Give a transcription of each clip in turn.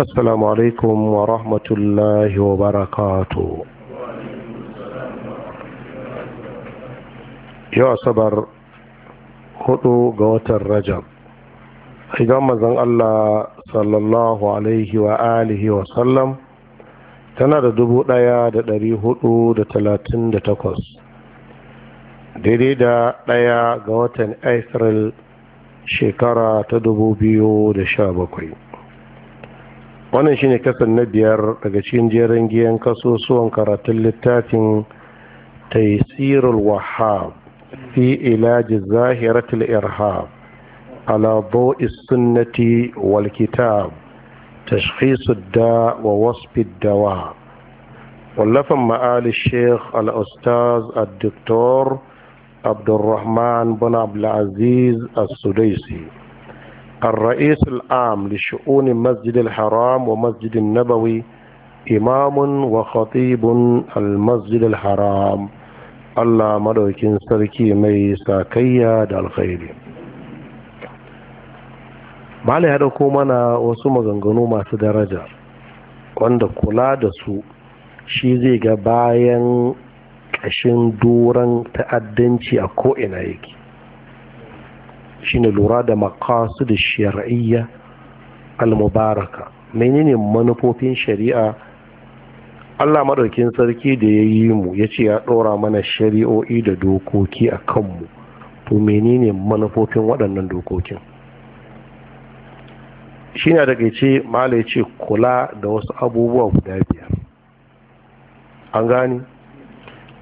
السلام عليكم ورحمة الله وبركاته يا صبر هدو قوة الرجب إذا Allah الله صلى الله عليه وآله وسلم tana da dubu ɗaya da ɗari huɗu da talatin da takwas daidai da ɗaya ga watan Afril shekara ta dubu biyu da sha bakwai wannan shine kasan na biyar daga cikin jerin giyan kasusuwan karatun littafin taisirul wahab fi ilaji zahiratul irhab ala bu'is sunnati wal kitab tashkhisud da wa wasfid dawa wallafan ma'ali sheikh al-ustaz ad-doktor Abdulrahman bin abdulaziz as-sudaisi الرئيس العام لشؤون مسجد الحرام ومسجد النبوي إمام وخطيب المسجد الحرام الله Sarki سركي Sakayya da Alkhairi. bala ya dauko mana wasu maganganu masu daraja wanda kula da su shi zai ga bayan ƙashin doron ta'addanci a ko'ina yake shine lura da da shar'iyya al-mubaraka menene manufofin shari'a Allah madaukin sarki da ya yi mu ya ce ya ɗora mana shari'o'i da dokoki a kanmu to menene manufofin waɗannan dokokin shi na daga ce mala ya ce kula da wasu abubuwa guda biyar an gani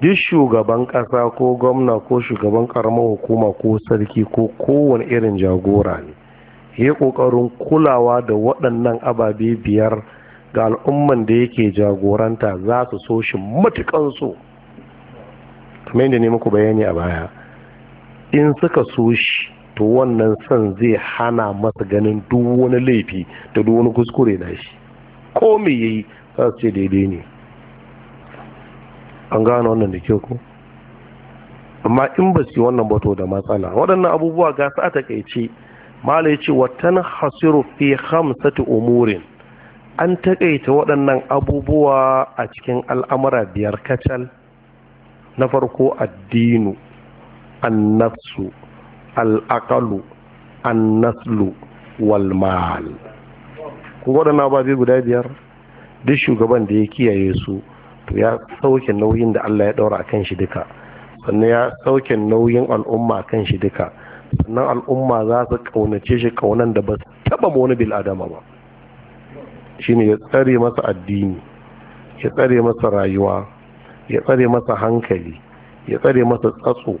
duk shugaban ƙasa ko gwamna ko shugaban ƙaramar hukuma ko sarki ko kowane irin jagora ne ya ƙoƙarin kulawa da waɗannan ababe biyar ga al'umman da yake jagoranta za su so shi matuƙan so kamar yadda ne muku bayani a baya in suka so shi to wannan son zai hana masa ganin duk wani laifi da duk wani kuskure da shi ko me yayi za su ce daidai ne an gano wannan da kyau ko amma in ba su wannan bato da matsala waɗannan abubuwa ga su a takaice mala ya ce watan hasiru fi hamsati umurin an takaita waɗannan abubuwa a cikin al'amura biyar kacal na farko addinu annasu al'aqalu annaslu wal mal waɗannan ababe guda biyar duk shugaban da ya kiyaye su to ya sauke nauyin da Allah ya daura kan shi duka sannan ya sauke nauyin al'umma kan shi duka sannan al'umma za su kaunace shi kaunan da ba su taba wani bil adama ba shine ya tsare masa addini ya tsare masa rayuwa ya tsare masa hankali ya tsare masa tsatso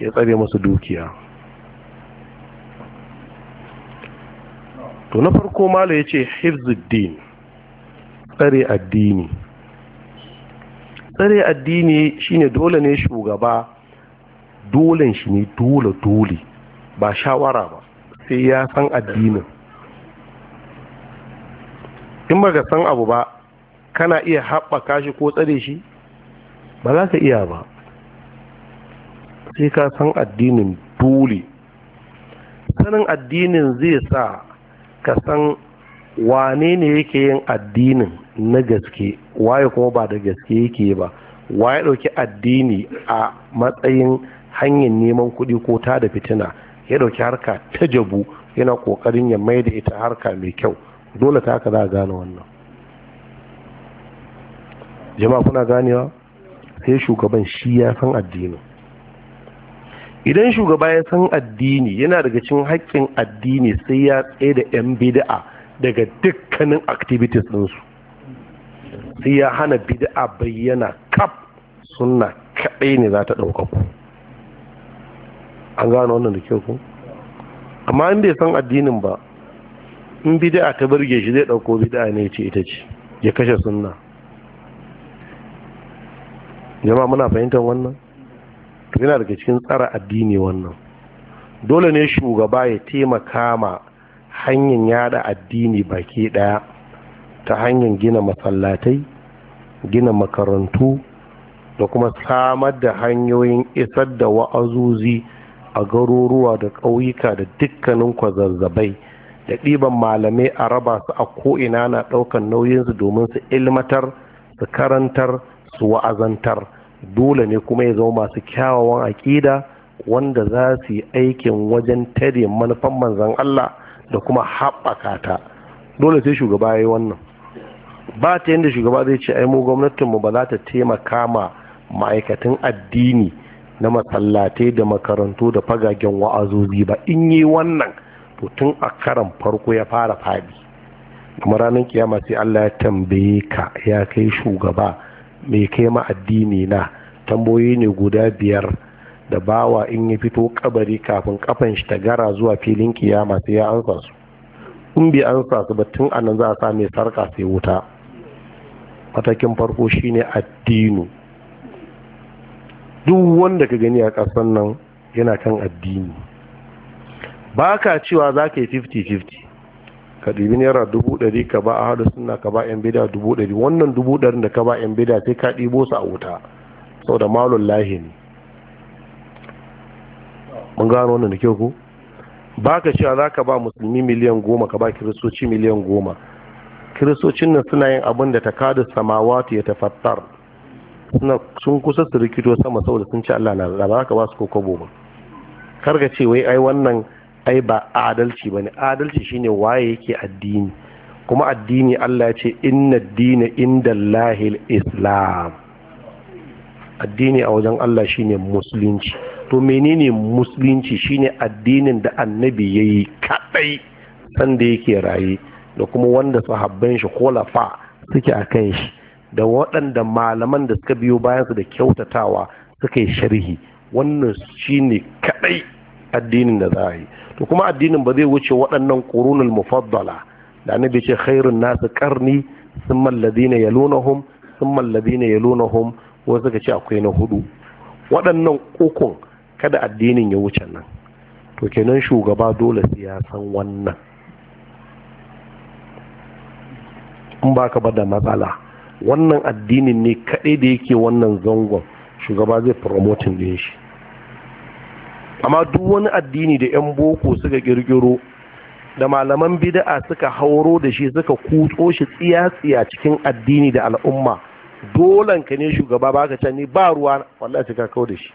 ya tsare masa dukiya to na farko mala ya ce hifzuddin tsare addini tsare addini shine dole ne shugaba dolen shi ne dole dole ba shawara ba sai ya san addinin in ba ka san abu ba kana iya haɓaka shi ko tsare shi ba za ka iya ba sai ka san addinin dole sanin addinin zai sa ka san wane ne yake yin addinin na gaske waye kuma ba da gaske yake ba waye ɗauki addini a matsayin hanyar neman kuɗi ko ta da fitina ya ɗauki harka ta jabu yana ƙoƙarin ya mai da ita harka mai kyau dole ta haka za a gane wannan jama'a kuna ganewa sai shugaban shi ya san addinin idan shugaba ya san addini yana daga cikin haƙƙin addini sai ya tsaye da 'yan bida'a daga dukkanin activities ɗinsu sai ya hana bid'a bayyana kaf suna kaɗai ne za ta ɗauka ku an gano wannan da kyau ku amma in bai san addinin ba in bid'a ta burge shi zai ɗauko bid'a ne ce ita ce ya kashe sunna jama'a muna fahimtar wannan yana daga cikin tsara addini wannan dole ne shugaba ya taimaka ma hanyar yada addini baki daya ta hanyar gina masallatai gina makarantu da kuma samar da hanyoyin isar da wa'azuzi a garuruwa da ƙauyuka da dukkanin kwazazzabai da ɗiban malamai a raba su a ko'ina na ɗaukan nauyinsu domin su ilmatar su karantar su wa'azantar dole ne kuma ya zama masu kyawawan aƙida wanda za su yi aikin wajen tare manufan manzan Allah da kuma haɓaka ta dole sai shugaba ya yi wannan ba ta yadda shugaba zai ce gwamnatin mu gwamnatinmu ba za ta taimaka ma ma'aikatan addini na masallatai da makarantu da fagagen wa'azozi ba in yi wannan to tun a karan farko ya fara fadi kuma ranar kiyama sai Allah ya tambaye ka ya kai shugaba mai kai ma addini na tambayoyi ne guda biyar da bawa in ya fito kabari kafin kafan shi ta gara zuwa filin kiyama sai ya ansa su in bai ansa su ba tun nan za a sa mai sarka sai wuta matakin farko shine addinu duk wanda ka gani a ƙasar nan yana kan addini ba ka cewa za ka yi 50-50 ka ɗibi naira dubu ɗari ka ba a hada suna ka ba yan bida dubu ɗari wannan dubu ɗarin da ka ba yan bida sai ka ɗibo su a wuta sau da malun lahi ne mun gano wannan da kyau ko ba cewa za ka ba musulmi miliyan goma ka ba kiristoci miliyan goma kiristocin nan suna yin abin da ta kada samawatu ya tafattar sun kusa su rikito sama saboda sun ci Allah na da ba ka ba su kokobo ba kar ka ce wai ai wannan ai ba adalci bane adalci shine waye yake addini kuma addini Allah ya ce inna dina inda Allahil islam addini a wajen Allah shine musulunci to menene musulunci shine addinin da annabi ya yi kaɗai sanda yake raye da kuma wanda sahabban shi kolafa suke a kan shi da waɗanda malaman da suka biyo bayansu da kyautatawa suka yi sharhi wannan shine kaɗai addinin da za a yi to kuma addinin ba zai wuce waɗannan ƙorunan mufaddala da annabi ce khairun nasu karni sun malladina yalunahum sun malladina yalunahum wasu suka ce akwai na hudu waɗannan ukun kada addinin ya wuce nan to kenan shugaba dole sai ya san wannan in ba ka da matsala wannan addinin ne kaɗai da yake wannan zangon shugaba zai promotin din shi amma duk wani addini da 'yan boko suka ƙirƙiro da malaman bida'a suka hauro da shi suka kutso shi tsiya-tsiya cikin addini da al'umma dolan ka ne shugaba baka can ni ba ruwa wallahi suka kawo da shi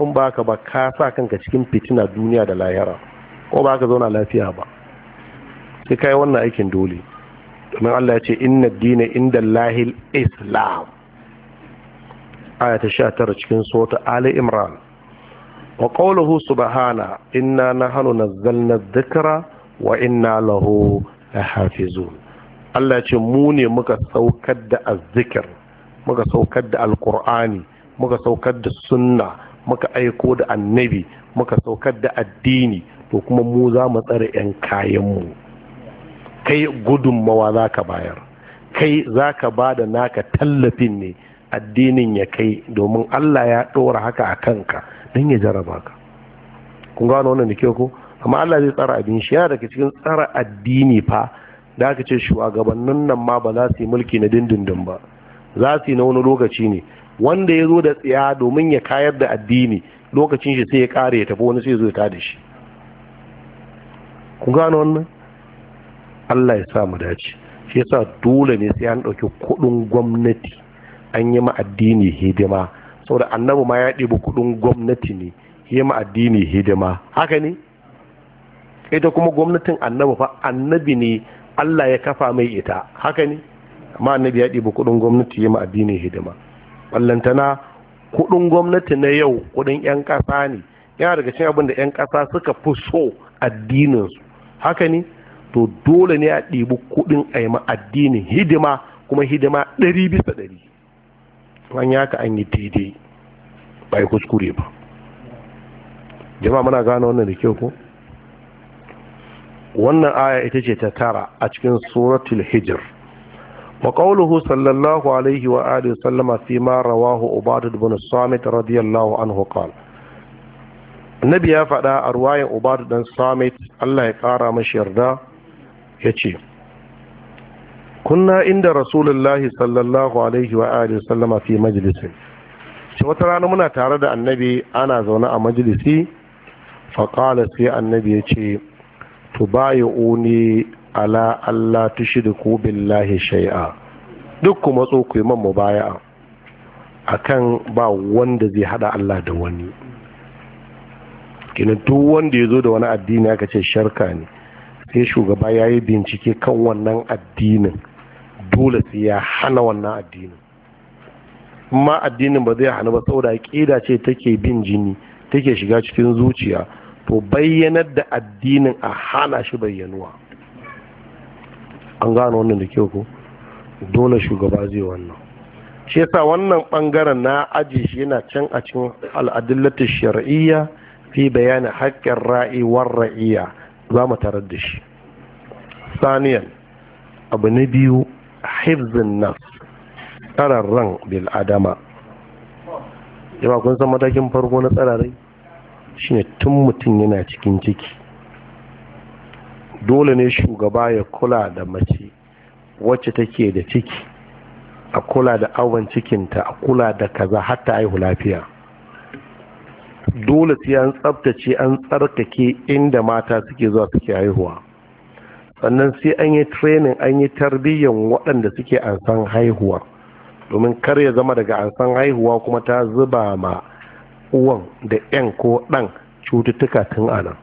in ba ka ba ka sa kanka cikin fitina duniya da lahira ko ba ka zauna lafiya ba sai kai wannan aikin dole domin Allah ya ce inna dina inda lahil islam aya ta sha tara cikin sota ali imran wa qawluhu subhana inna nahnu nazzalna dhikra wa inna lahu lahafizun Allah ya ce mu ne muka saukar da azzikir muka saukar da alqur'ani muka saukar da sunna muka aiko da annabi muka saukar da addini to kuma mu za mu tsare 'yan kayanmu kai gudunmawa za ka bayar kai za ka ba da naka tallafin ne addinin ya kai domin allah ya ɗora haka a kanka don ya jaraba ka kun gano wannan da kyau ko amma allah zai tsara abin shi yana daga cikin tsara addini fa da aka ce shugabannin nan ma ba za su yi mulki na dindindin ba za su yi na wani lokaci ne wanda ya zo da tsiya domin ya kayar da addini lokacin shi sai ya kare ya tafi wani sai zo ya tada shi ku gano wannan Allah ya sa mu dace shi yasa dole ne sai an ɗauki kuɗin gwamnati an yi ma addini hidima saboda annabi ma ya ɗibi kuɗin gwamnati ne yi ma addini hidima haka ne ita kuma gwamnatin annabi fa annabi ne Allah ya kafa mai ita haka ne amma annabi ya ɗibi kuɗin gwamnati yi ma addini hidima ballantana kudin gwamnati na yau kudin 'yan kasa ne yana daga cin abin da 'yan ƙasa suka fi so addininsu haka ne to dole ne a ɗibi kudin aima addinin hidima kuma hidima ɗari bisa ɗari an ka an yi daidai ba yi kuskure ba jama'a muna gane wannan da kyau ko wannan aya ita ce ta tara a cikin suratul hijr wa qawluhu sallallahu alaihi wa alihi fi ma rawahu ubadah ibn samit radiyallahu anhu qala annabi ya faɗa a ruwayan ubadah dan samit Allah ya ƙara mashi yarda yace kunna inda rasulullahi sallallahu alaihi wa alihi fi majlisin wata rana muna tare da annabi ana zaune a majalisi faƙala sai annabi ya ce tubayi'uni ala Allah ko billahi shai'a. duk kuma matso ku yi baya. A kan ba wanda zai hada Allah da wani gina duk wanda ya zo da wani addini aka ce sharka ne sai shugaba ya yi bincike kan wannan addinin dole sai ya hana wannan addinin ma addinin ba zai hana ba saboda ƙida ce take bin jini take shiga cikin zuciya to bayyanar da addinin a hana shi bayyanuwa an gano wannan da kyau ko dole shugaba zai wannan shi yasa wannan bangaren na aji shi yana can a cikin al'adillatu shar'iyya fi bayani haƙƙin ra'i war ra'iyya za mu tarar da shi saniyan abu na biyu hifzin nas tsarar ran bil adama yawa kun san matakin farko na tsararai shine tun mutum yana cikin ciki dole ne shugaba ya kula da mace wacce take da ciki a kula da awon cikinta a kula da kaza har ta haihu lafiya dole sai an tsabtace an tsarkake inda mata suke zuwa suke haihuwa sannan sai an yi training an yi tarbiyyar waɗanda suke ansan haihuwa domin kar ya zama daga ansan haihuwa kuma ta zuba ma uwan da 'yan ko ɗan cututtuka tun anan.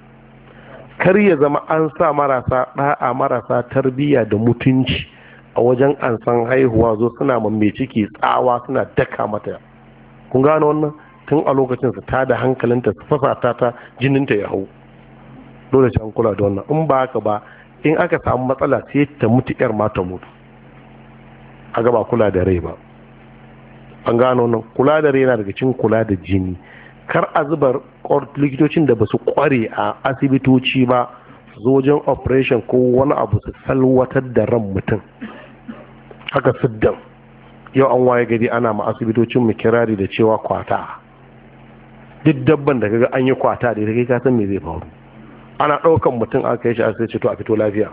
kar ya zama an sa marasa ɗa'a marasa tarbiyya da mutunci a wajen an san haihuwa zo suna mai ciki tsawa suna daka mata kun gano wannan tun a lokacin su da hankalinta su fasa ta jininta ya hau dole an kula da wannan in ba haka ba in aka samu matsala sai ta mutu yar ma ta mutu a gaba kula da rai ba an gano wannan kula da rai yana daga cikin kula da jini kar a zubar likitocin da ba su kware a asibitoci ba zo wajen operation ko wani abu su salwatar da ran mutum haka siddan yau an waye gari ana ma asibitocin mu kirari da cewa kwata duk dabban da kaga an yi kwata da kai ka san me zai faru ana ɗaukan mutum aka kai shi a asibiti to a fito lafiya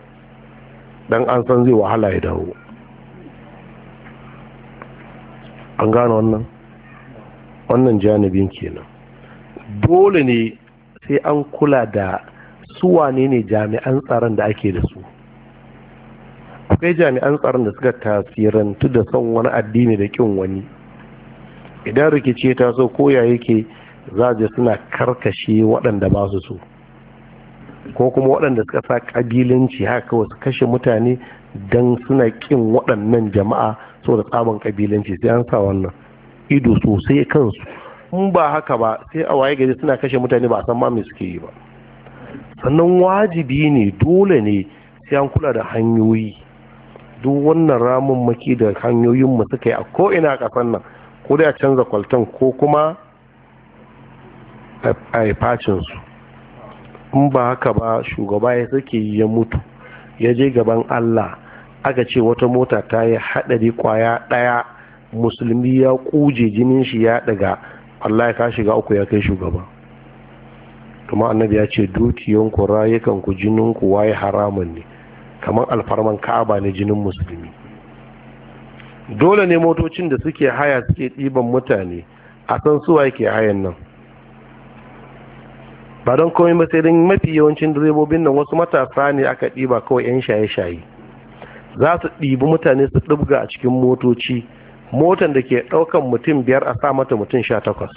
dan an san zai wahala ya dawo an gane wannan wannan janibin kenan dole ne sai an kula da suwa ne jami'an tsaron da ake da su akwai jami'an tsaron da suka tasirantu da son wani addini da kin wani idan rikici ta so koya yake za je suna karkashe waɗanda ba su so ko kuma waɗanda suka sa ƙabilanci haka wasu kashe mutane don suna kin waɗannan jama'a saboda tsaban ƙabilanci sai an sa wannan ido sosai kansu in ba haka ba sai a waye gari suna kashe mutane ba a san ma me suke yi ba sannan wajibi ne dole ne sai an kula da hanyoyi duk wannan ramin maki da hanyoyin mu suka yi a ko ina kasan nan ko dai canza kwaltan ko kuma a yi facin su in ba haka ba shugaba ya sake ya mutu ya je gaban Allah aka ce wata mota ta yi haɗari kwaya ɗaya musulmi ya kuje jinin shi ya daga ya ka shiga uku ya kai shugaba kuma annabi ya ce dukiyanku rayukanku jininku waye haramun ne kamar alfarman ka'aba ne jinin musulmi dole ne motocin da suke haya suke ɗiban mutane a san suwa yake hayan nan ba don komai ba sai don mafi yawancin direbobin nan wasu matasa ne aka ɗiba kawai 'yan shaye-shaye za su ɗibi mutane su ɗibga a cikin motoci motan da ke ɗaukan mutum biyar a sa mata mutum sha takwas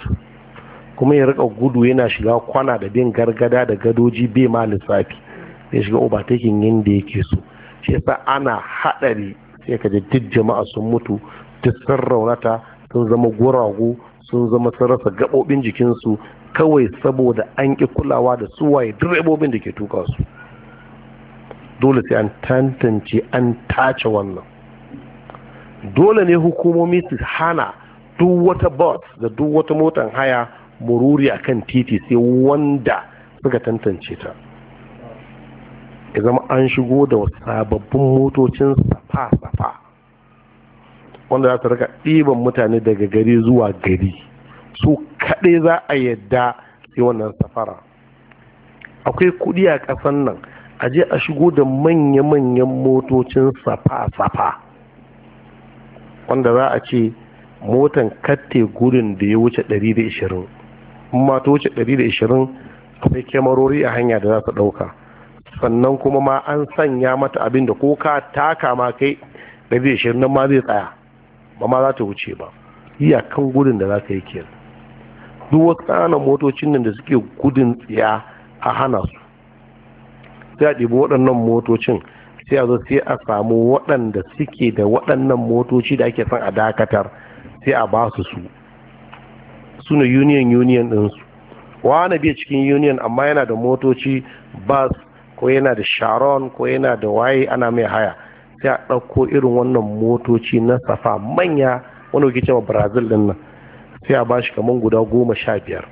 kuma ya rika gudu yana shiga kwana da bin gargada da gadoji bai ma lissafi ya shiga yin yadda yake so shi yasa ana haɗari sai ka duk jama'a sun mutu duk sun raunata sun zama guragu sun zama sun rasa gaɓoɓin jikinsu kawai saboda an ki kulawa da suwaye direbobin da ke tuka su dole sai an tantance an tace wannan dole ne hukumomi su hana duk wata bus da duk wata motan haya mururi a kan titi sai wanda suka tantance ta ya zama an shigo da sababbin motocin safa-safa wanda za su rika ɗiban mutane daga gari zuwa gari su kaɗai za a yadda sai wannan safara akwai kuɗi a ƙasan nan a je a shigo da manya-manyan motocin safa-safa wanda za a ce motan katte gudun da ya wuce 120 in ta wuce 120 akwai kyamarori a hanya da za su ɗauka sannan kuma ma an sanya mata abin da ko ka taka ma kai 120 nan ma zai tsaya ba ma za ta wuce ba kan gudun da za ka yi kiyar duk wasu ƙananan motocin nan da suke gudun tsiya a hana su sai a ɗibi waɗannan motocin sai a zo sai a samu waɗanda suke da waɗannan motoci da ake son a dakatar sai a ba su su suna union union ɗinsu wane biya cikin union amma yana da motoci bus ko yana da sharon ko yana da waye ana mai haya sai a ɗauko irin wannan motoci na safa manya wani kuke cewa brazil ɗin nan sai a bashi kamar guda goma sha biyar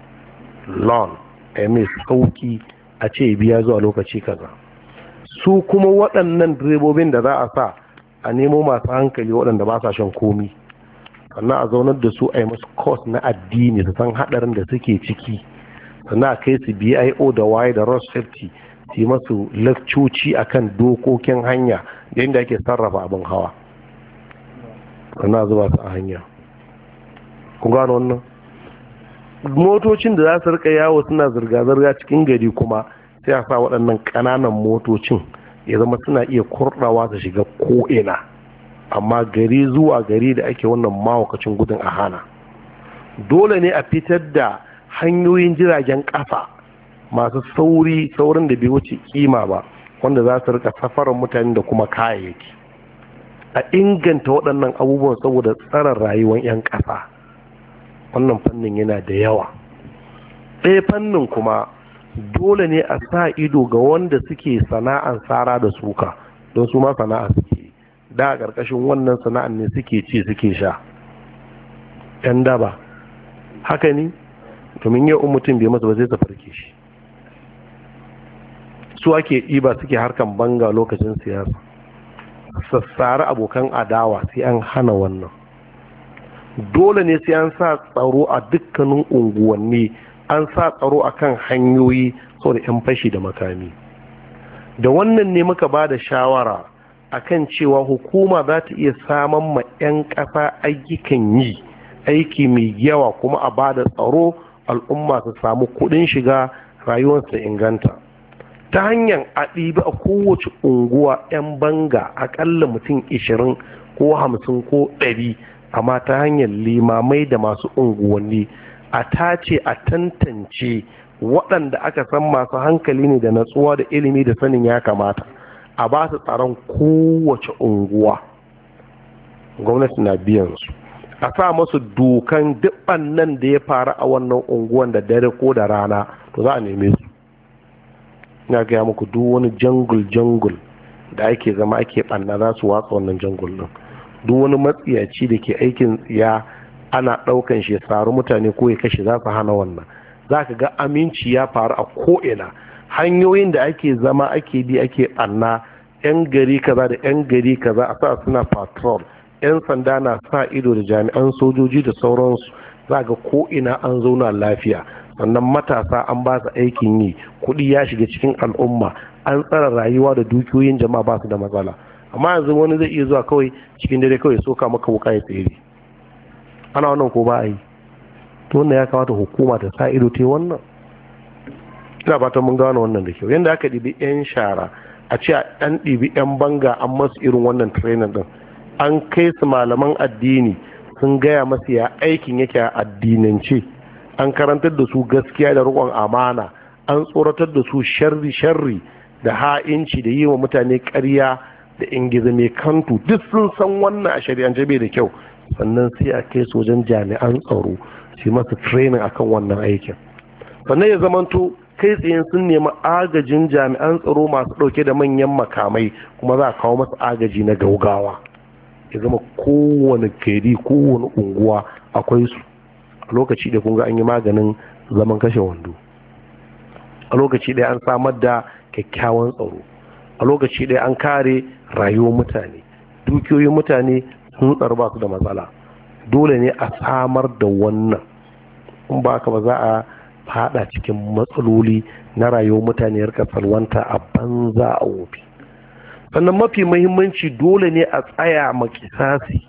lon a mai sauki a ce biya zuwa lokaci kaza su kuma waɗannan direbobin da za a sa a nemo masu hankali waɗanda ba sa shan komi sannan a zaunar da su a yi musu kos na addini su san haɗarin da suke ciki sannan a kai su bio da waye da road safety su yi masu lakcoci akan dokokin hanya da yadda ake sarrafa abin hawa sannan zuba su a hanya ku gano wannan motocin da za su rika yawo suna zirga-zirga cikin gari kuma sai sa waɗannan ƙananan motocin ya zama suna iya kurɗawa su shiga ko'ina amma gari zuwa gari da ake wannan mahaukacin gudun a hana dole ne a fitar da hanyoyin jiragen ƙasa masu sauri saurin da bai wuce kima ba wanda za su rika safarar mutane da kuma kayayyaki a inganta waɗannan abubuwan saboda tsarar rayuwar 'yan ƙasa wannan fannin yana da yawa ɗaya fannin kuma dole ne a sa ido ga wanda suke sana'an tsara da suka don su ma sana'a suke da a ƙarƙashin wannan sana'an ne suke ce, suke sha yan daba haka ne domin yau mutum bai masa ba zai tafarke shi su ake ɗiba suke harkan banga lokacin siyasa sassare abokan adawa sai an hana wannan dole ne sai an sa tsaro a dukkanin unguwanni an sa tsaro a kan hanyoyi da 'yan fashi da makami da wannan ne muka ba da shawara a kan cewa hukuma za ta iya saman ma 'yan ƙasa ayyukan yi aiki mai yawa kuma a ba da tsaro al'umma su samu kuɗin shiga rayuwarsa inganta ta hanyar a ɗibi a kowace unguwa 'yan banga aƙalla mutum 20 ko 50 ko 100 amma ta hanyar limamai da masu unguwanni a tace a tantance waɗanda aka san masu hankali ne da natsuwa da ilimi da sanin ya kamata a ba su tsaron kowace unguwa gwamnati na biyan su a sa masu dokan dukkan nan da ya faru a wannan unguwan da dare ko da rana to za a neme su ina gaya muku duk wani jangul jangul da ake zama ake ɓanna za su watsa wannan jangul din duk wani matsiyaci da ke aikin tsiya ana ɗaukan shi tsari mutane ko ya kashe za su hana wannan za ka ga aminci ya faru a ko'ina hanyoyin da ake zama ake bi ake ɓanna 'yan gari kaza da 'yan gari kaza a sa suna patrol 'yan sanda na sa ido da jami'an sojoji da sauransu za ga ko'ina an zauna lafiya sannan matasa an ba su aikin yi kuɗi ya shiga cikin al'umma an tsara rayuwa da dukiyoyin jama'a ba su da matsala amma yanzu wani zai iya zuwa kawai cikin dare kawai soka maka wuka ya tsere ana wannan ko ba a yi to wannan ya kamata hukuma ta sa ido ta wannan ina fatan mun gano wannan da kyau yadda aka ɗibi 'yan shara a ce a ɗan ɗibi 'yan banga an masu irin wannan trainer ɗin, an kai su malaman addini sun gaya masu ya aikin yake a addinance an karantar da su gaskiya da riƙon amana an tsoratar da su sharri sharri da ha'inci da yi wa mutane karya da ingiza mai kantu duk sun san wannan a shari'ance bai da kyau sannan sai a kai sojan jami'an tsaro shi masu training akan wannan aikin sannan ya zamanto kai tsaye sun nemi agajin jami'an tsaro masu ɗauke da manyan makamai kuma za a kawo masa agaji na gaugawa ya zama kowane gari kowane unguwa akwai su a lokaci da kunga an yi maganin zaman kashe wando a lokaci ɗaya an samar da kyakkyawan tsaro a lokaci ɗaya an kare rayuwar mutane dukiyoyin mutane sun tsaro ba su da matsala dole ne a samar da wannan in ba ka ba za a fada cikin matsaloli na rayuwar mutane yarka salwanta a banza a wofi sannan mafi mahimmanci dole ne a tsaya makisasi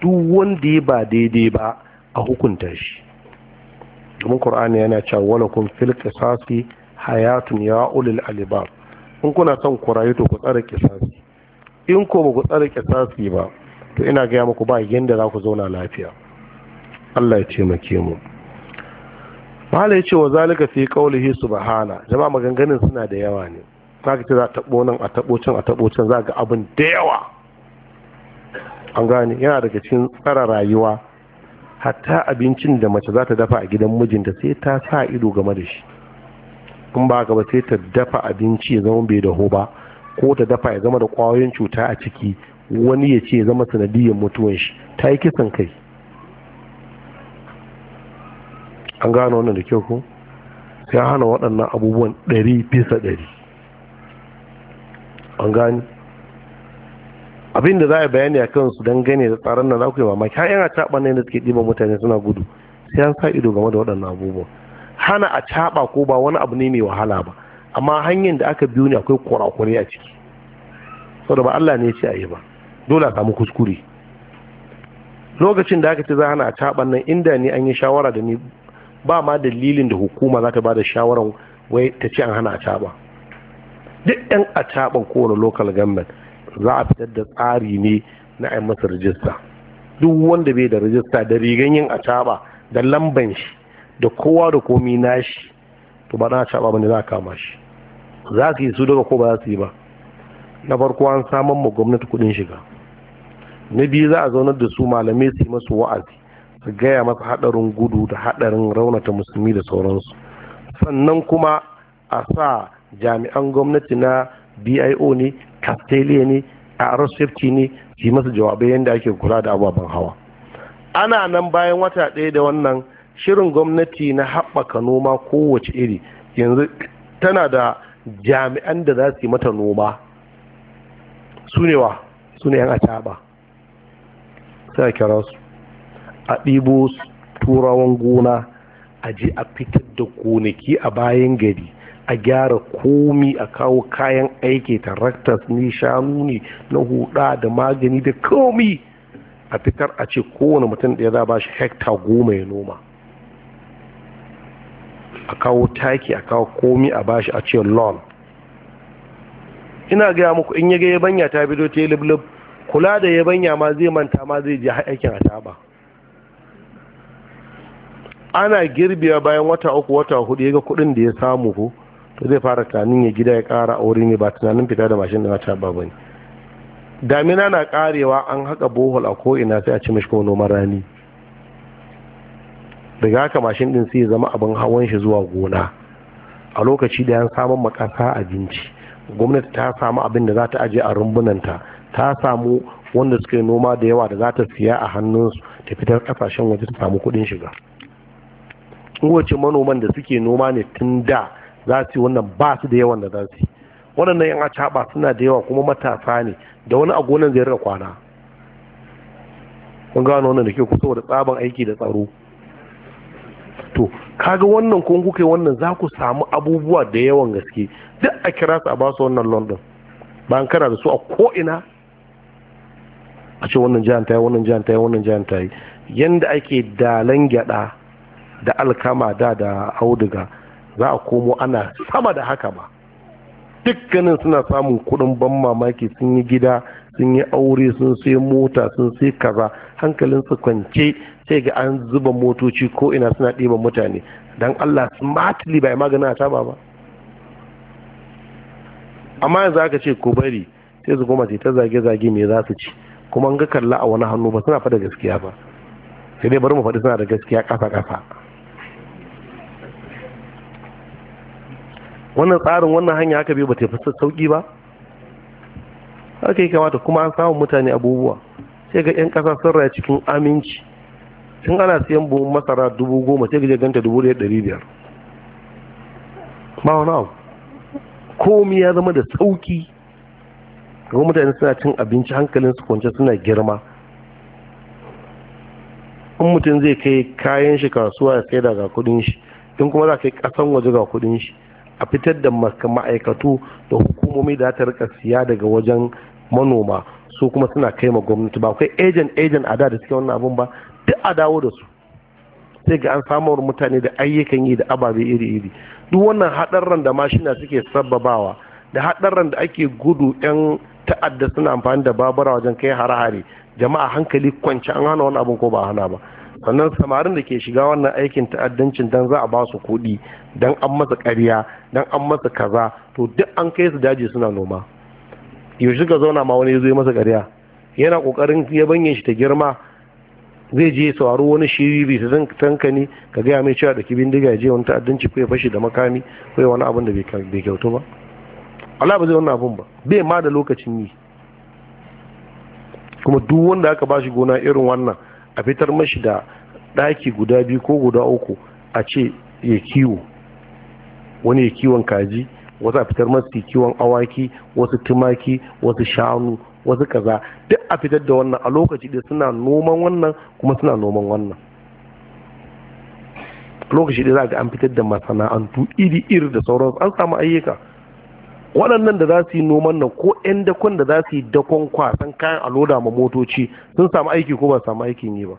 duk wanda ya ba daidai ba a hukunta shi domin qur'ani yana cewa wala kun fil qisasi hayatun ya ulil alibab in kuna son ku rayu to ku tsare qisasi in ko ba ku tsare qisasi ba to ina gaya muku ba yadda za ku zauna lafiya Allah ya taimake mu Mahala ya ce wa zalika fi qaulihi subhana jama'a maganganun suna da yawa ne zaka ce za a tabo nan a tabo can a tabo can za ga abin da yawa an gane yana daga cikin tsara rayuwa hatta abincin da mace za ta dafa a gidan mijinta sai ta sa ido game da shi in ba gaba sai ta dafa abinci ya zama bai ho ba ko ta dafa ya zama da kwayoyin cuta a ciki wani ya ce ya zama sanadiyar mutuwan shi ta yi kisan kai an gano wannan da kyau ko sai hana waɗannan abubuwan ɗari bisa ɗari an gani abin za a bayani a kansu don gane da tsaron nan za ku yi mamaki har yana caɓa ne da suke ɗiban mutane suna gudu sai an sa ido game da waɗannan abubuwan hana a caɓa ko ba wani abu ne mai wahala ba amma hanyar da aka biyu ne akwai kurakurai a ciki saboda ba Allah ne ya ce a yi ba dole a samu kuskure lokacin da aka ce za hana a caɓan nan inda ni an yi shawara da ni ba ma dalilin da hukuma za ta ba da shawaran wai ta ce an hana a caɓa duk yan a caɓan kowane local government za a fitar da tsari ne na a masa rajista duk wanda bai da rajista da rigan yin a caɓa da lamban shi da kowa da komi nashi to ba na caɓa ba za a kama shi za su yi su daga ko ba za su yi ba na farko an samun ma gwamnati kuɗin shiga na biyu za a zaunar da su malamai su yi masu wa'azi su gaya masa haɗarin gudu da haɗarin raunata musulmi da sauransu sannan kuma a sa jami'an gwamnati na bio ne castelia ne a safety ne su yi masa jawabai yadda ake kula da ababen hawa ana nan bayan wata ɗaya da wannan shirin gwamnati na haɓaka noma kowace iri yanzu tana da jami'an da za su yi mata noma su ne wa su ne yan a sai a kira su a ɗibo turawan gona a je a fitar da gonaki a bayan gari a gyara komi a kawo kayan aiki taraktas ne shanu ne na huda da magani da komi a fitar a ce kowane mutum ɗaya za ba shi hekta goma ya noma a kawo taki a kawo komi a bashi a ce lawn ina gaya muku in ya ga yabanya ta bido ta yi kula da yabanya ma zai manta ma zai je aikin a taba ana girbiya bayan wata uku wata hudu ya ga kudin da ya samu ko to zai fara tunanin ya gida ya kara aure ne ba tunanin fita da mashin da na taba ba ne damina na karewa an haka bohol a ko'ina sai a ci mashi kuma noman rani daga haka mashin din sai zama abin hawan shi zuwa gona a lokaci da yan samun makasa abinci gwamnati ta samu abin da za ta aje a rumbunanta ta samu wanda suka yi noma da yawa da za ta siya a hannunsu ta fitar kasashen waje ta samu kuɗin shiga wace manoman da suke noma ne tun da za su yi wannan ba su da yawan da za su yi waɗannan yan acaɓa suna da yawa kuma matasa ne da wani agonan zai rika kwana kun gano wannan da ke kusa da tsaban aiki da tsaro to kaga wannan kun kuka wannan za ku samu abubuwa da yawan gaske duk a kira su a ba su wannan london bayan kana da su a ko'ina a ce wannan jihar ta yi wannan jihar ta yi wannan jihar ta yi yadda ake dalan gyada da alkama da da auduga za a komo ana sama da haka ba dukkanin suna samun kuɗin ban mamaki sun yi gida sun yi aure sun sai mota sun sai kaza hankalinsu kwance sai ga an zuba motoci ko ina suna ɗiban mutane don allah smartly bai magana a taba ba amma yanzu aka ce ko bari sai su ce ta zage-zage me za su ci kuma an ga kalla a wani hannu ba suna fada gaskiya ba sai dai bari mu faɗi suna da gaskiya ƙasa ƙasa wannan tsarin wannan hanya haka bai ba ta fasa sauƙi ba haka yi kamata kuma an samun mutane abubuwa sai ga 'yan ƙasa sun raya cikin aminci tun ana siyan buhun masara dubu goma sai gaje ganta dubu ɗaya ɗari biyar ba wani abu komi ya zama da sauƙi kuma mutane suna cin abinci hankalin su kwanci suna girma in mutum zai kai kayan shi kasuwa ya saida ga kudin shi in kuma za ka yi kasan waje ga kudin shi a fitar da ma'aikatu da hukumomi da ta rika siya daga wajen manoma su kuma suna kai ma gwamnati ba akwai ejen agent a da da suke wannan abun ba duk a dawo da su sai ga an samar mutane da ayyukan yi da ababe iri-iri duk wannan haɗarran da mashina suke sabbabawa. da haɗarran da ake gudu 'yan ta'adda suna amfani da babura wajen kai hare-hare jama'a hankali kwanci an hana wani abin ko ba hana ba sannan samarin da ke shiga wannan aikin ta'addancin dan za a ba su kuɗi dan an masa ƙarya dan an masa kaza to duk an kai su daji suna noma yaushe ga zauna ma wani ya zo masa ƙarya yana ƙoƙarin banye shi ta girma zai je sauraro wani shiriri ta zan tankani ka gaya mai cewa da kibin diga ya je wani ta'addanci kai ya fashi da makami kai wani abin da bai kyautu ba Allah ba zai wannan abun ba bai ma da lokacin yi kuma duk wanda aka ba shi gona irin wannan a fitar mashi da ɗaki guda biyu ko guda uku a ce ya kiwo wani ya kiwon kaji wasu a fitar masu kiwon awaki wasu tumaki wasu shanu wasu kaza duk a fitar da wannan a lokaci da suna noman wannan kuma suna noman wannan lokaci da za ga an fitar da masana'antu iri-iri da sauransu an samu ayyuka waɗannan da za su yi noman nan ko 'yan dakon da za su yi dakon kwasan kayan aloda ma motoci sun samu aiki ko ba samu aikin yi ba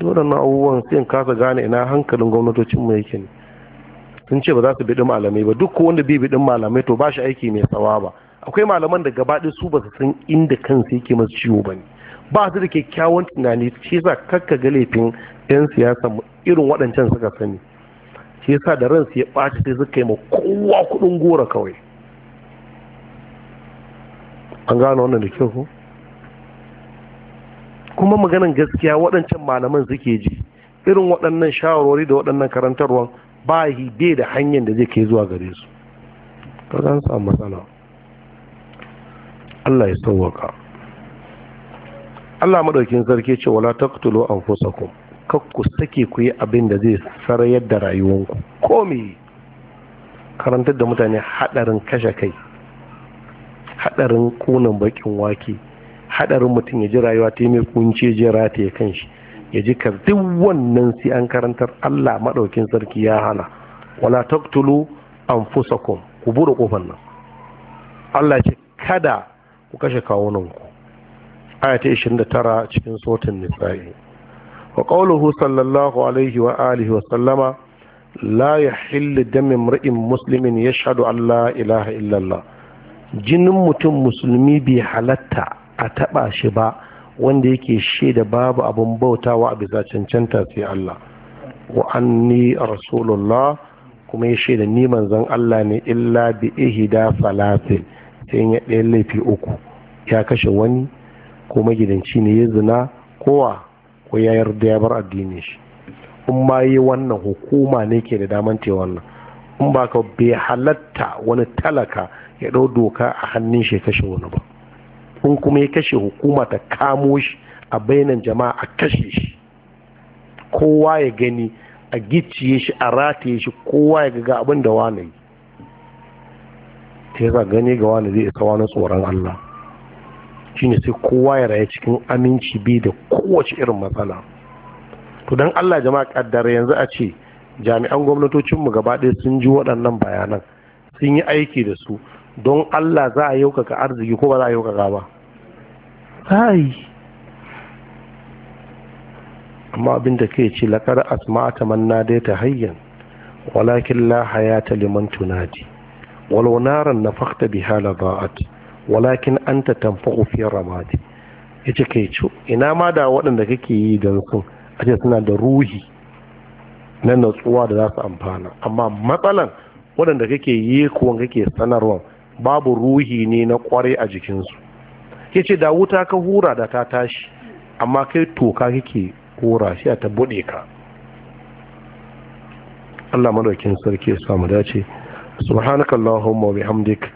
dole na abubuwan sai kasa gane ina hankalin gwamnatocin mu yake ne sun ce ba za su biɗi malamai ba duk wanda bai biɗin malamai to ba shi aiki mai tsawa ba akwai malaman da gaba ɗaya su ba su san inda kansu yake masu ciwo ba ne ba su da kyakkyawan tunani shi yasa kakka ga laifin 'yan siyasa irin waɗancan suka sani shi yasa da ransu ya ɓata sai suka yi ma kowa kuɗin gora kawai an gano wannan da kyau ko kuma maganan gaskiya waɗancan malaman suke ji irin waɗannan shawarwari da waɗannan karantarwan ba bai da hanyar da zai kai zuwa gare su Ka an samu matsala Allah ya sauwaka Allah madaukin sarki ce wala taqtulu anfusakum ku sake ku yi abin da zai sarayar da rayuwanku komi karantar da mutane hadarin kashe kai hadarin kunan bakin wake haɗarin mutum ya ji rayuwa ta yi mai kunce jira rata ya kan shi ya ji ka duk wannan sai an karantar Allah maɗaukin sarki ya hana wala taqtulu anfusakum ku buɗe kofar nan Allah ce kada ku kashe kawunanku aya ta 29 cikin sotin nisa'i wa qawluhu sallallahu alaihi wa alihi wa sallama la yahillu damu imri'in muslimin yashhadu an la ilaha illallah jinin mutum musulmi bai halarta a taɓa shi ba wanda yake shaida babu abin bautawa a bisa cancanta sai Allah wa anni rasulullah kuma ya shaida ni manzon Allah ne illa bi ihda salatin sai ya ɗaya laifi uku ya kashe wani ko magidanci ne ya zina kowa ko ya yarda ya bar addinin shi in ma yi wannan hukuma ne ke da daman yi wannan in ba ka bai halatta wani talaka ya ɗau doka a hannun shi kashe wani ba in kuma ya kashe hukuma ta kamo shi a bainan jama'a a kashe shi kowa ya gani a gicciye shi a rataye shi kowa ya ga abin da wani yi ta gani ga wani zai isa wani tsoron Allah shine sai kowa ya raya cikin aminci biyu da kowace irin matsala to dan Allah jama'a kaddara yanzu a ce jami'an gwamnatocin mu gaba ɗaya sun ji waɗannan bayanan sun yi aiki da su don Allah za a yaukaka arziki ko ba za a yaukaka ba sai amma abin da ke ce laƙar ta manna dai ta hayyan walakin la hayata liman tunadi walwanaran na fakta bihala ba'at walakin an anta tanfa'u fi ramadi ka kai co ina ma da waɗanda kake yi da rukun ce suna da ruhi na natsuwa da za su amfana amma matsalan waɗanda kake yi ko kake sanarwa babu ruhi ne na kwarai a jikinsu Ya ce da wuta ka hura da ta tashi amma kai toka kake hura shi a ta buɗe ka Allah madaukin sarki ya samu dace subhanakallahumma wa bihamdika